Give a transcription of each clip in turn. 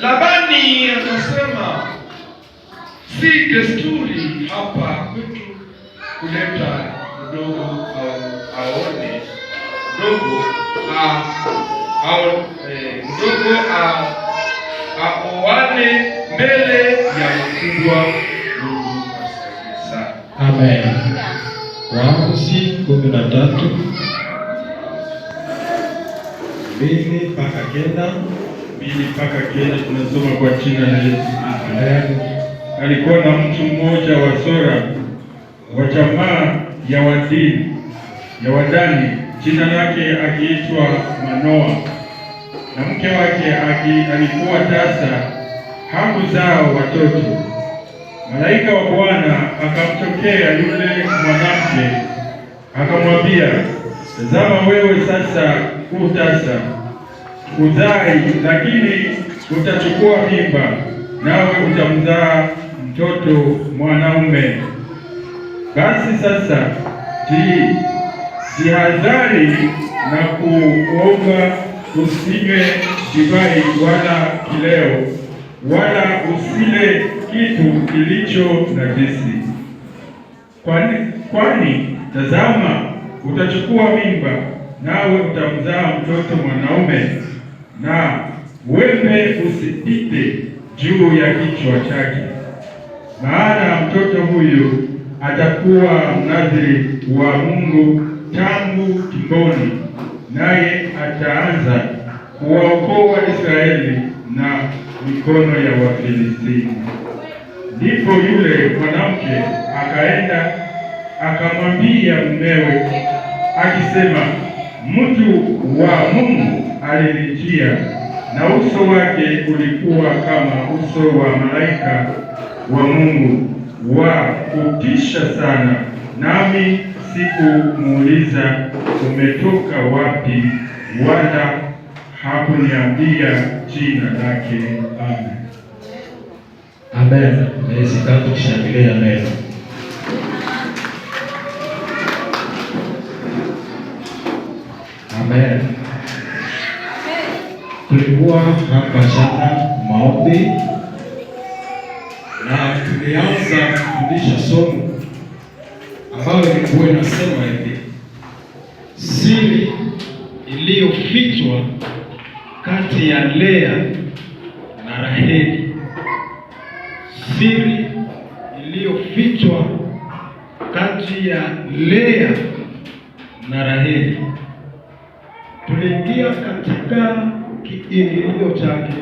Labani anasema si desturi hapa kwetu kuleta mdogo au aone mdogo mdogo e, aoane mbele ya mkubwa. Mungu asaidie sana. Amen. Waamuzi kumi na tatu mbili mpaka kenda mbili mpaka kenda tunasoma kwa jina la Yesu Kristo. Alikuwa na mtu mmoja wa Sora wa jamaa ya Wadini ya Wadani, jina lake akiitwa Manoa, na mke wake aki, alikuwa tasa, hakuzaa watoto. Malaika wa Bwana akamtokea yule mwanamke akamwambia, tazama, wewe sasa utasa tasa kuzai, lakini utachukua mimba, nawe utamzaa mtoto mwanaume. Basi sasa ti sihadhari na kuomba usinywe divai wala kileo, wala usile kitu kilicho najisi, kwani kwani tazama, utachukua mimba nawe utamzaa mtoto mwanaume na wembe usipite juu ya kichwa chake, maana mtoto huyu atakuwa mnadhiri wa Mungu tangu tumboni, naye ataanza kuwaokoa Israeli na mikono ya Wafilistini. Ndipo yule mwanamke akaenda akamwambia mumewe akisema, mtu wa Mungu alinijia na uso wake ulikuwa kama uso wa malaika wa Mungu wa kutisha sana, nami sikumuuliza umetoka wapi, wala hakuniambia jina lake. Amen. Amen. Yesu tangu amen. Amen tulikuwa hapa jana maombi na tulianza kufundisha somo ambayo ilikuwa inasema hivi: siri iliyofichwa kati ya Lea na Raheli, siri iliyofichwa kati ya Lea na Raheli. Tuliingia katika kilio chake,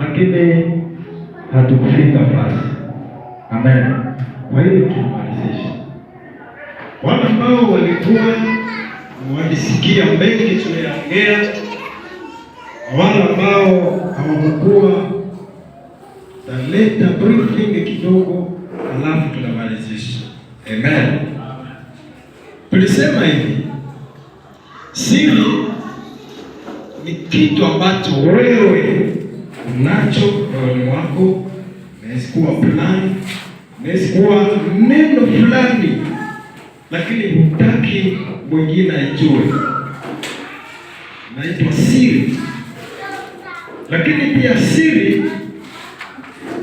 lakini hatukufika fasi. Amen. Kwa hiyo tumalizishe wale ambao walikuwa walisikia mengi na wale ambao hawakuwa taleta briefing kidogo, alafu tunamalizisha. Amen. Tulisema hivi siri ni kitu ambacho wewe unacho moyoni mwako, inaweza kuwa plani, inaweza kuwa neno fulani, lakini hutaki mwingine ajue, naitwa siri. Lakini pia siri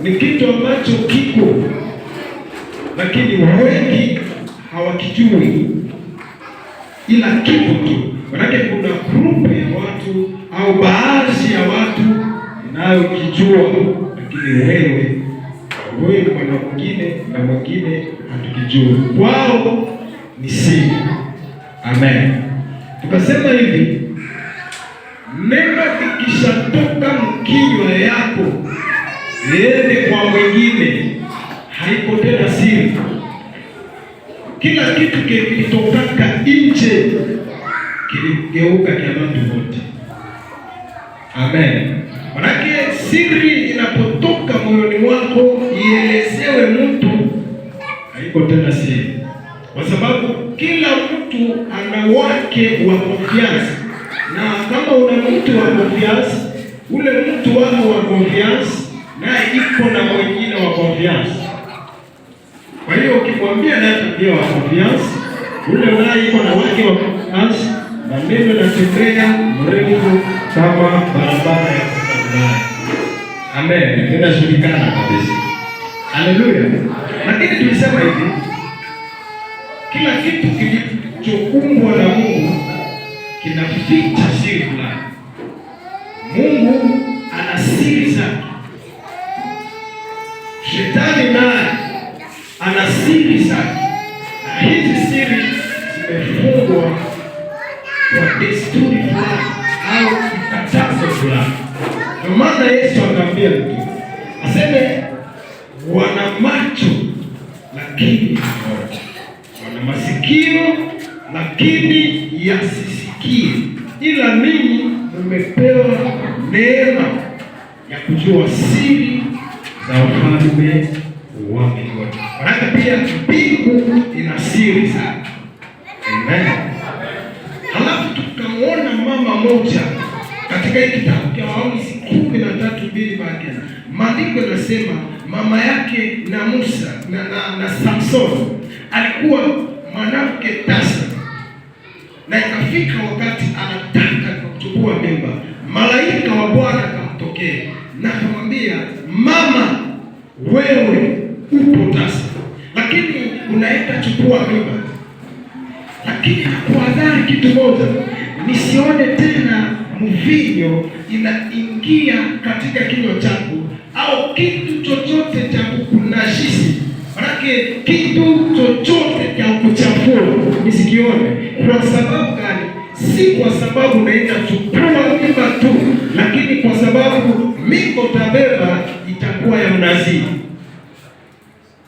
ni kitu ambacho kiko, lakini wengi hawakijui, ila kipo tu, manake kuna watu au baadhi ya watu inayokijua, lakini wewe wewe mwana mwingine na mwingine hatukijua, kwao ni siri. Amen. Tukasema hivi neno ikishatoka mkinywa yako liende kwa mwingine, haiko tena siri. Kila kitu kilitokaka nje kiligeuka mtu wote Amen. Manake siri inapotoka moyoni wako ielezewe mtu, haiko tena siri, kwa sababu kila mtu ana wake wa konfiansi, na kama una mtu wa konfiansi, ule mtu wako wa konfiansi naye iko na wengine wa konfiansi. Kwa hiyo ukimwambia naye pia wa konfiansi, ule naye iko na wake wa konfiansi, na mimi natembea mrefu kama barabara ya kutangaza. Amen. Inajulikana kabisa. Haleluya. Lakini tulisema hivi, kila kitu kilichokumbwa na Mungu kinaficha siri fulani. Mungu ana siri zake. Shetani naye ana siri zake. Na hizi siri zimefungwa kwa desturi fulani au kiwango fulani. Kwa maana Yesu akamwambia mtu aseme, wana macho lakini hawaoni, wana masikio lakini yasisikie, ila ninyi mmepewa neema ya kujua siri za ufalme wa mbinguni. Maana pia mbingu ina siri sana. Amen. Halafu tukamwona mama moja katika hii kitabu cha kumi na tatu mbili baada maandiko yanasema mama yake na Musa na, na, na Samson alikuwa mwanamke tasa, na ikafika wakati anataka kuchukua mimba, malaika wa Bwana akamtokea na akamwambia, mama, wewe upo tasa, lakini unaenda chukua mimba. Lakini hakuadhari kitu moja, nisione tena mvinyo inaingia katika kinywa chako au kitu chochote cha kukunashisi, manake kitu chochote cha kuchafua nisikione. Kwa sababu gani? Si kwa sababu naenda kuchukua mimba tu, lakini kwa sababu mimba utabeba itakuwa ya unazii.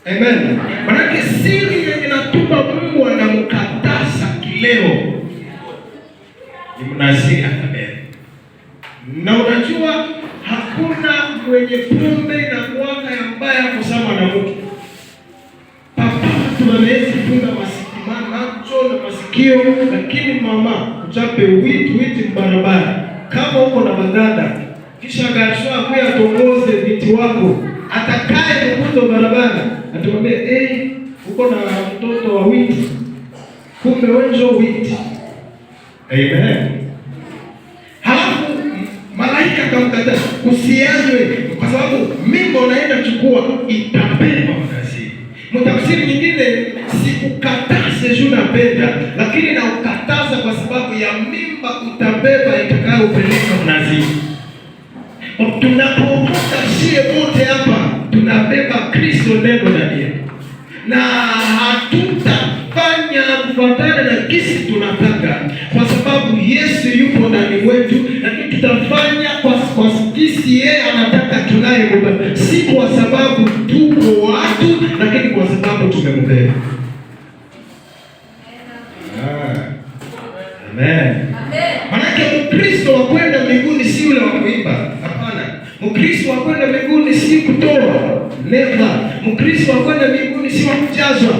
Amen. Manake siri inatupa Mungu anamkatasa kileo ni mnazii atabeba na unajua hakuna mwenye pombe na mwaka ya mbaya kusama na mtu papa, tunawezi funga macho na masikio, lakini mama uchape witi mbarabara. Kama uko na madada kisha gashwa kwa atongoze binti wako atakaye kukuto barabara, atamwambia eh, uko na mtoto wa witi, kumbe wewe witi. Amen. Roho Mtakatifu usianywe, kwa sababu mimba unaenda chukua itabeba unazini. Mtafsiri nyingine sikukataza sijui napenda, lakini naukataza kwa sababu ya mimba utabeba itakayopeleka unazini. Tunapovuka sie wote hapa tunabeba Kristo neno na na hatutafanya kufuatana kisi tunataka, kwa sababu Yesu yupo ndani wetu lakini tutafanya kwa kwa jinsi yeye anataka Baba, si kwa sababu tuko watu, lakini kwa sababu tumembeba. Amen. Manake Mkristo wa kwenda mbinguni si yule wa kuimba. Hapana. Mkristo wa kwenda mbinguni si kutoa. Never. Mkristo wa kwenda mbinguni si wa kujazwa.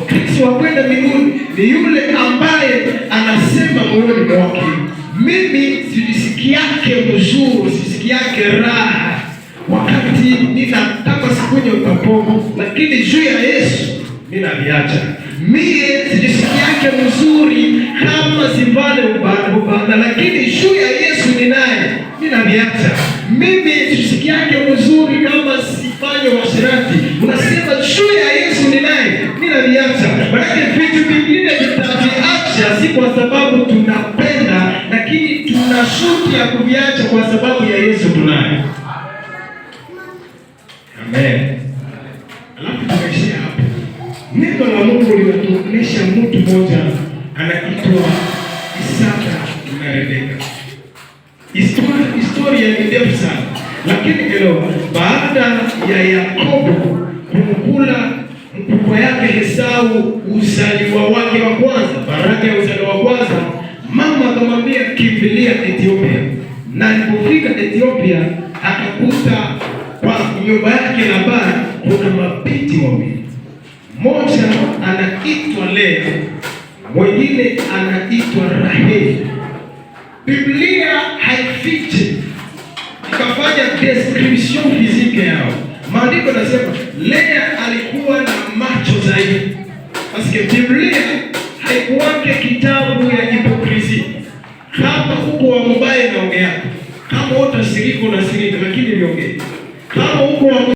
Wakati wa kwenda mbinguni ni yule ambaye anasema moyoni mwake, mimi sijisikii yake mzuri, sijisikii yake raha wakati ninataka sikunye utapomo, lakini juu ya Yesu ninaliacha mie. Sijisikii yake mzuri kama sivale ubanda, lakini juu ya Yesu ninaye ninaliacha mimi. Sijisikii yake mzuri kama makusudi ya kuviacha kwa sababu ya Yesu tunayo. Amen. Alafu tukaishia hapo. Neno la Mungu linatuonesha mtu mmoja anaitwa Isaka na Rebeka. Historia ni ndefu sana, lakini leo baada ya Yakobo kumkula mkubwa yake Esau uzaliwa wake wa kwanza, baraka ya uzaliwa aliyekimbilia Ethiopia na alipofika Ethiopia akakuta kwa nyumba yake Labani kuna mabinti wawili, mmoja anaitwa Lea, mwingine anaitwa Raheli. Biblia haifiti ikafanya description physique yao. Maandiko nasema Lea alikuwa na macho zaidi. Basi Biblia haikuwake kitabu ya kama huko wa mbaya naongea, kama na unashiriki, lakini niongee kama huko wa